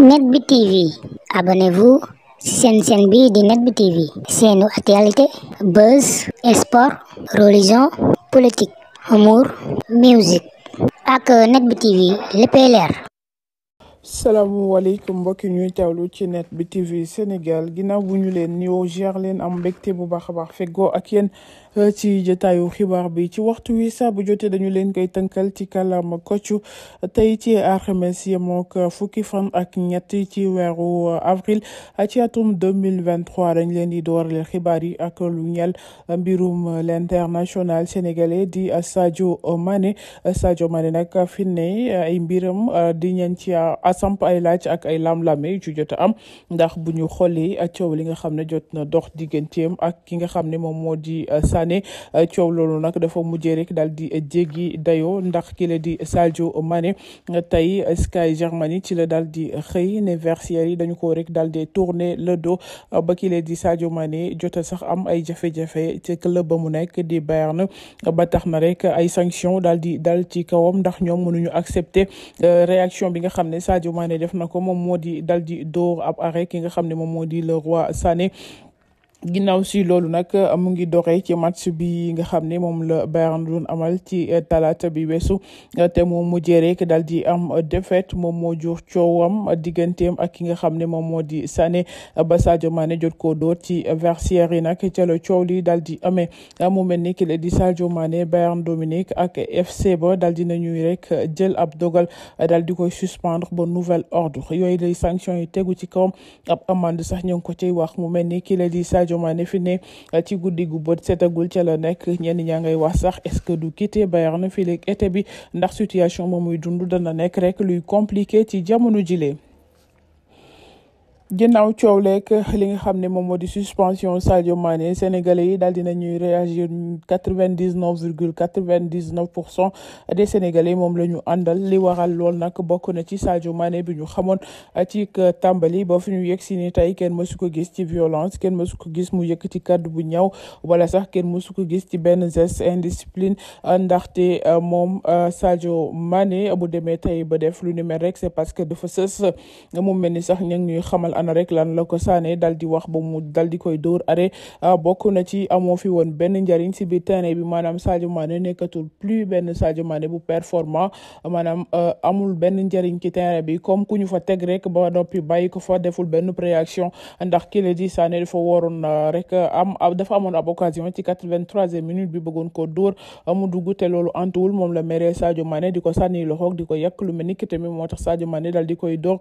Net Bi TV abonnez-vous seen chaîne bi di Net Bi TV seenu actualité buzz sport religion politique humour musique ak Net Bi TV léppay leer salaamaaleykum mbokki ñuy teewlu ci net bi TV Sénégal ginnaaw bu ñu leen nuyoo jaar leen am mbégte bu baax a baax feggoo ak yéen euh, ci jotaayu xibaar bi ci waxtu wi saa bu jotee dañu leen koy tënkal ci kàllaama koccu tey ci alxames yemook euh, fukki fan ak ñett ci weeru euh, avril ci atum 2023 dañ leen di doorale xibaar yi ak lu ñel mbirum l'international sénégalais di Sadio Mané Sadio Mané nag fi ne ay mbiram di ñeen samp ay laaj ak ay lam-lame yu ci jot am ndax bu ñu xoolee uh, coow li nga xam ne jot na dox digganteem ak ki nga xam ne moom moo di uh, Sané uh, coow loolu nag dafa mujjee rek daal di jéggi dayoo ndax ki la di Sadio Mané tey Sky Germany ci la daal di xëy ne versaire yi dañu ko rek daal di tourner le dos ba ki la di Sadio Mané jot a sax am ay jafe-jafe club ba mu nekk di Bayern ba tax na rek ay sanctions daal di dal ci kawam ndax ñoom mënuñu accepter réaction bi nga xam Sadio Mané def na ko moom moo di dal di dóor ab arrêt ki nga xam ne moom moo di Leroy Sané ginnaaw si loolu nag uh, mu ngi doxee ci match bi nga xam ne moom la Bayern doon amal ci uh, talaata bi weesu uh, te moom mu jëree rek daal di am défaite moom moo jur coowam digganteem ak ki nga xam ne moom moo di Sané ba Sadio Mané jot ko dóor ci Versailles yi nag ca la coow li daal di amee mu mel ni ki la di Sadio Mané Bayern Dominique ak FC ba daal di nañuy rek jël ab dogal daal di koy suspendre ba nouvelle ordre yooyu lay sanction yi tegu ci kawam ab amande sax ñu ko ciy Diomaye fi ne eh, ci guddi gu bët setagul ca la nekk ñenn ñaa ngay wax sax est-ce que du quitter Bayern fii léegi été bi ndax situation moom muy dund dana nekk rek luy compliqué ci jamono jile. ginnaaw coow lekk li nga xam ne moom moo di suspension Sadio Mané sénégalais yi daal dina ñuy réagir quatre vingt dix neuf virgule quatre vingt pour cent des sénégalais moom la ñu àndal li waral lool nag bokk na ci Sadio maane bi ñu xamoon ci tàmbali ba fu ñu yegg si ni tey kenn mësu ko gis ci violence kenn mësu ko gis mu ci kàddu bu ñaw wala sax kenn mësu ko gis ci benn geste indiscipline ndaxte euh, moom euh, Sadio Mané bu demee tey ba def lu ni rek c'est parce que dafa sës mu mel ni sax ña ngi ñuy xamal. ana rek lan la ko Sané dal di wax ba mu dal di koy dóor are ah, bokk na ci amoo fi woon benn njariñ si biir terrain bi maanaam Sadio Mané nekkatul plus benn Sadio Mané bu performant maanaam ah, amul benn njariñ ki terrain bi comme ku ñu fa teg rek ba noppi bàyyi ko fa deful benn réaction ndax ki la di Sané dafa waroon ah, rek am dafa amoon ab occasion ci quatre-vingt-troisième minute bi bëggoon ko dóor mu dugg te loolu antuwul moom la mere Sadio maane di ko sànni loxoog di ko yàq lu mel ni ki tamit moo tax Sadio Mané dal di koy dóor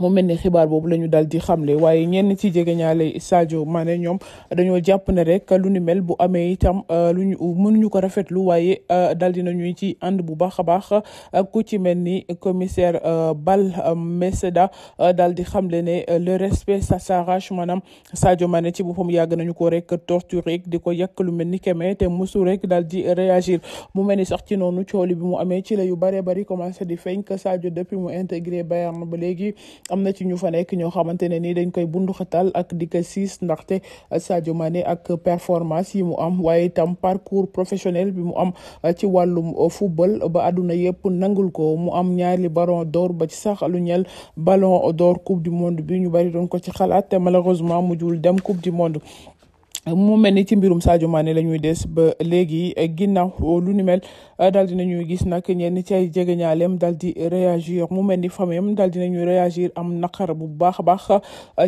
mu mel ne xibaar boobu la ñu daal di xamle waaye ñenn ci ñaale Sadio Mané ñoom dañoo jàpp ne rek lu ni mel bu amee itam euh, lu ñu mënuñu ko rafetlu waaye euh, daal di nañuy ci ànd bu baax a baax euh, ku ci mel ni commissaire Bal Meseda daal di xamle ne le respect ça s'arrache maanaam Sadio Mané ci boppam yàgg nañu ko rek torturer di ko yàq lu mel ni keme te musu rek daal di réagir mu mel ni sax ci noonu cooli bi mu amee ci la yu bëree bëri commencé di feeñ que Sadio depuis mu intégré Bayern ba léegi. am na ci ñu fa nekk ñoo xamante ne ni dañ koy bunduxatal ak di ko ndaxte Sadio Mané ak performance yi mu am waaye itam parcours professionnel bi mu am uh, ci wàllum uh, football ba àdduna yëpp nangul ko mu am ñaari ballon d'or ba ci sax lu ñel ballon d'or coupe du monde bi ñu bari doon ko ci xalaat te malheureusement mujjul dem coupe du monde mu mel ni ci mbirum Sadio Mané la ñuy des ba léegi ginnaaw lu ni mel daal di nañuy gis nag ñenn ci ay jegeñaaleem daal di réagir mu mel ni famem daal di nañuy réagir am naqar bu baax a baax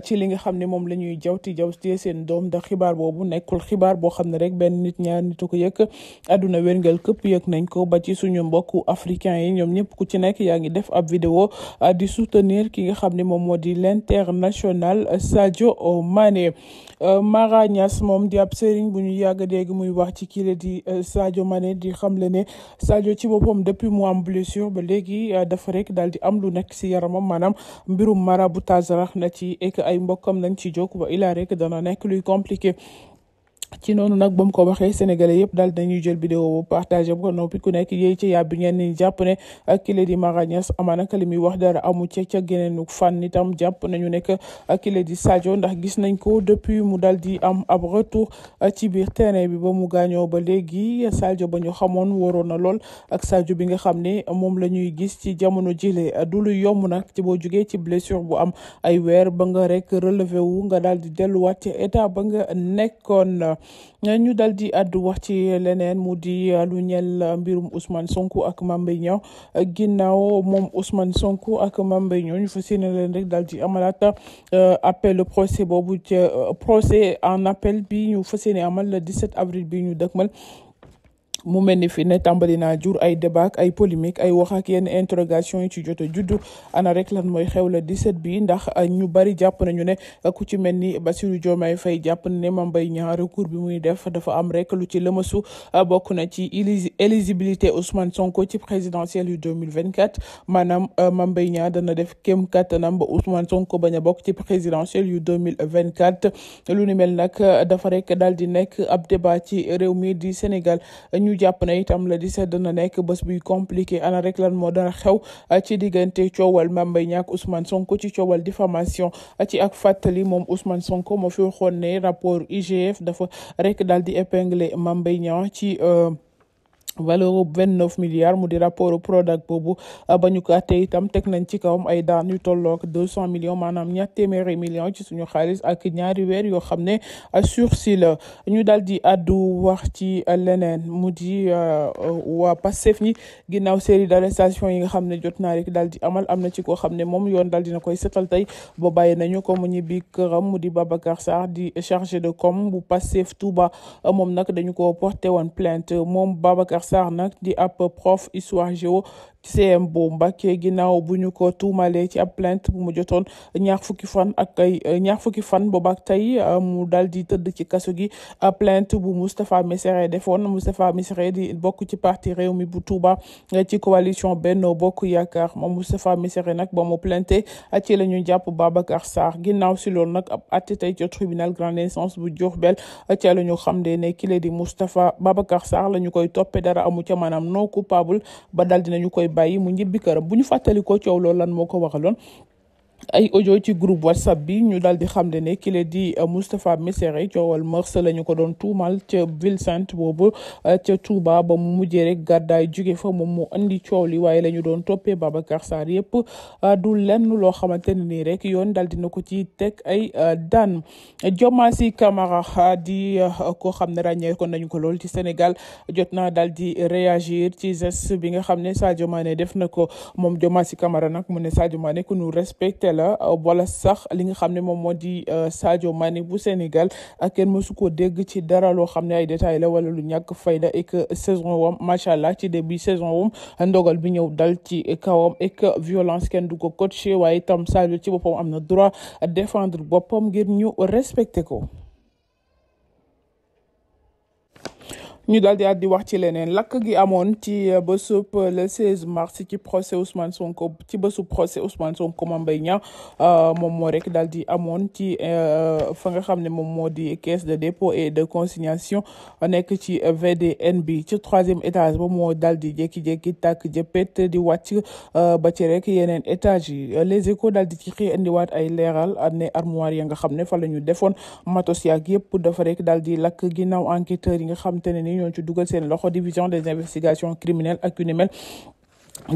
ci li nga xam ne moom la ñuy jaw jaw jawti seen doom ndax xibaar boobu nekkul xibaar bo xam ne rek benn nit ñaar nit ko yëg aduna wérngal këpp yëg nañ ko ba ci suñu mbokku africain yi ñoom ñëpp ku ci nekk yaa ngi def ab vidéo di soutenir ki nga xam ne moom moo di l'international Sadio Mané Mara Niass moom di ab sëriñ bu ñu yàgg dégg muy wax ci kii di euh, Sadio Mané di xamle ne Sadio ci boppam depuis mu am blessure ba léegi euh, dafa rek daal di am lu nekk si yaramam maanaam mbirum maraboutage rax na ci ek ay mbokkam nañ ci jóg ba ilaa rek dana nekk luy compliqué. ci noonu nag ba mu ko waxee sénégalais yëpp daal dañuy jël vidéo bu partagé bu noppi ku nekk yéy ci yàb bi ngeen ni jàpp ne kile di Mara Niass amaanaka li muy wax dara amu ci ca géneenu fànn itam jàpp nañu nekk kile di Sadio ndax gis nañ ko depuis mu dal di am ab retour euh, ci biir terrain bi ba mu gaañoo ba léegi Sadio ba ñu xamoon waroon na lool ak Sadio bi nga xam ne moom la ñuy gis ci jamono jile du lu yomb nag ci boo jugee ci blessure bu am ay weer ba nga rek relevé wu nga daal di delluwaat ci état ba nga nekkoon ñu dal di addu wax ci leneen mu di euh, lu ñel euh, mbirum Ousmane Sonko ak Mame Mbaye Niang euh, ginnaaw moom Ousmane Sonko ak Mame Mbaye Niang ñu fas yéene rek dal di amalaat appel procès boobu ca procès en appel bi ñu fas yéene amal dix 17 avril bi ñu dëkmal mu mel ni fi ne tàmbali naa jur ay débat ay polémique ay wax ak yenn interrogation yi ci jot a juddu ana rek lan mooy xew la 17 bi ndax ñu bari jàpp nañu ne ku ci mel ni Bassirou Diomaye Faye jàpp na ne Mame Mbaye Niang recours bi muy def dafa am rek lu ci lëmasu bokk na ci éligibilité Ousmane Sonko ci présidentielle yu mille 2024 maanaam euh, Mame Mbaye Niang dana def kéem kattanam ba Ousmane Sonko bañ a bokk ci présidentielle yu vingt 2024 lu ni mel nag dafa rek daal di nekk ab débat ci réew mi di Sénégal. ñu jàpp ne itam le 17 dana nekk bés buy compliqué ana rek lan moo dara xew ci diggante coowal Mame Mbaye Niang Sonko ci coowal diffamation ci ak fàttali moom ousman Sonko moo fi waxoon rapport IGF dafa rekk dal di épingler Mame Mbaye valeur vingt neuf milliards mu di rapport Prodac boobu ah, ba ñu ko àttee itam teg nañ ci kawam ay daan yu tolloog deux cent millions maanaam ñaar téeméeri millions ci suñu xaalis ak ñaari weer yoo xam ne ah, sursis la ñu daal di addu wax ci leneen mu di ah, waa Pastef ñi ginnaaw série d'arrestation yi nga xam ne jot naa rek daal di amal am na ci koo xam ne moom yoon daal na koy setal tey ba bàyyi nañu ko mu ñibbi këram mu di Babacar Sarr di chargé de com bu Pastef Touba moom nag dañu ko Sarr nag di ab prof histoire géo CM bu Mbàkke ginnaaw bu ñu ko tuumaalee ci a plainte bu mu jotoon ñaar fukki fan ak ay fukki fan boobaak tey euh, mu dal di tëdd ci kaso gi euh, plainte bu Moustapha Missiré defoon Moustapha Missiré di bokk ci parti réew mi bu Touba euh, ci coalition Benno Bokk Yaakaar moom Moustapha Missiré nag ba mu plainte ci la ñu jàpp Babacar Sarr ginnaaw si loolu nag ab àtte tey ci tribunal grande instance bu Diourbel ca la ñu xam de ne kile di Moustapha Babacar Sarr la ñu koy toppee dara amu ca maanaam non coupable bàyyi mu ñibbi këram bu ñu fàttalikoo coow loolu lan moo ko waxaloon ay audio ci groupe whatsapp bi ñu daal di xamle ne kile di euh, Moustapha Missiré coowal mœurs la ñu ko doon tuumal ca ville sainte boobu euh, ca Touba ba mu mujjee rek gàddaay jóge fa moom mu andi coow li waaye la ñu doon toppee Babacar Sarr yëpp euh, du lenn loo xamante ne nii rek yoon daal dina ko ci teg ay dan Diomaye Camara di ko xam ne ràññee ko nañu ko lool ci Sénégal jot na daal di réagir ci geste bi nga xam ne Sadio Mané def na ko moom Diomaye Camara nag mu ne Sadio Mané ku ñu kese la euh, wala sax li nga xam ne moom moo di euh, Sadio Mané bu Sénégal ak kenn mësu ko dégg ci dara loo xam ne ay détails la wala lu ñàkk fayda et saison wam macha allah ci début saison wam ndogal bi ñëw dal ci kawam et que violence kenn du ko coaché waaye itam Sadio ci boppam am na droit défendre boppam ngir ñu respecté ko. ñu daal di àddi wax ci leneen lakk gi amoon ci euh, bésub euh, le 16 mars ci procès Ousmane Sonko ci bésub procès Ousmane Sonko Mame Mbaye Niang euh, moom moo rek daal di amoon ci fa nga xam ne moom moo di caisse de dépôt et de consignation nekk ci VDN bi ci troisième étage ba moo daal di jékki-jékki tàkk jëppet di wàcc ba ci rek yeneen étage yi les échos daal di ci xëy indiwaat ay leeral ne armoire ya nga xam ne fa la ñu defoon matos yaak yëpp dafa rek daal di lakk ginnaaw enquêteurs yi nga xam te ñoo ci dugal seen loxo division des investigations criminelles ak yu ni mel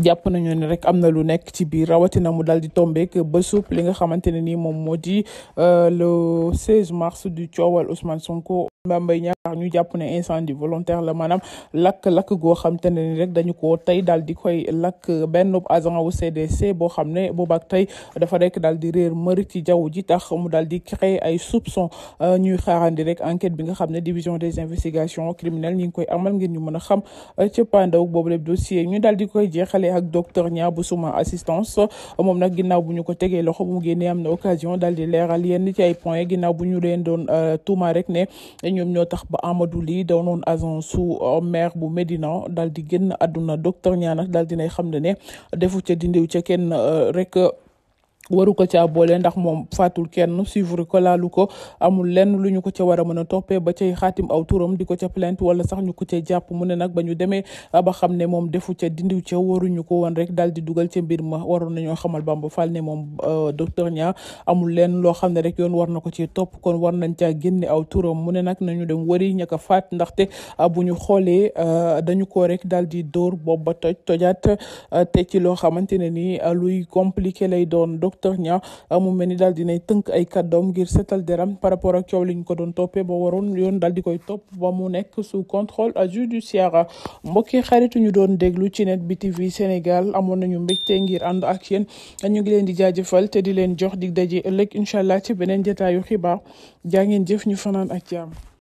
jàpp ne rek am na lu nekk ci biir rawatina mu daal di tombeek ba suub li nga xamante ne nii moom moo di euh, le 16 mars du coowal Ousmane Sonko. Mame Mbaye Niang ñu jàpp ne incendie volontaire la maanaam lakk-lakk goo xam te ne rek dañu ko tey daal di koy lakk benn agent wu CDC boo xam ne boobaak tey dafa rek daal di réer mëri ci jaww ji tax mu daal di créer ay soupçon euh, ñuy xaarandi rek enquête bi nga xam ne division des investigations criminelles ñi ngi koy amal ngeen ñu mën a xam euh, ci pandaw boobu lépp dossier ñu daal di koy jeexale ak docteur Niang bu suma assistance moom nag ginnaaw bu ñu ko tegee loxo bu mu génnee am na occasion daal di leeral yenn ci ay points bu ñu leen doon euh, tuuma rek ne ñoom ñoo tax ba Amadou Ly doonoon agent sous euh, maire bu Médina daal di génn àdduna docteur Niane daal dinay xam ne ne defu ca dindiw ca euh, rek waru ko a boole ndax moom fàttul kenn suivre ko laalu ko amul lenn lu ñu ko ca war a mën a toppee ba cay xaatim aw turam di ko ca plainte wala sax ñu ko ca jàpp mu ne nag ba ñu demee ba xam ne moom defu ca dindiw ca waruñu ko wan rek daal di dugal ca mbir ma waroon nañoo xamal Bamba Fall ne moom euh, docteur amul lenn loo xam ne rek yoon war na ko ci topp kon war nañ caa génne aw turam mu ne nag nañu dem wari ñaka faat ndaxte euh, bu ñu xoolee euh, dañu ko rek daal di dóor boobu ba toj tojaat te ci loo xamante ne ni luy compliqué lay doon docteur docteur Niang ah, mu mel ni daal dinay tënk ay kàddoom ngir seetal deram par rapport ak coow liñ ko doon toppee ba waroon yoon daal di koy topp ba mu nekk sous a judiciaire mbokki xaritu ñu doon déglu ci net bi TV Sénégal amoon nañu mbégte ngir ànd ak yéen ñu ngi leen di jaajëfal te di leen jox dig daje ëllëg incha ci beneen jotaayu xibaar jaa ngeen jëf ñu fanaan ak jàmm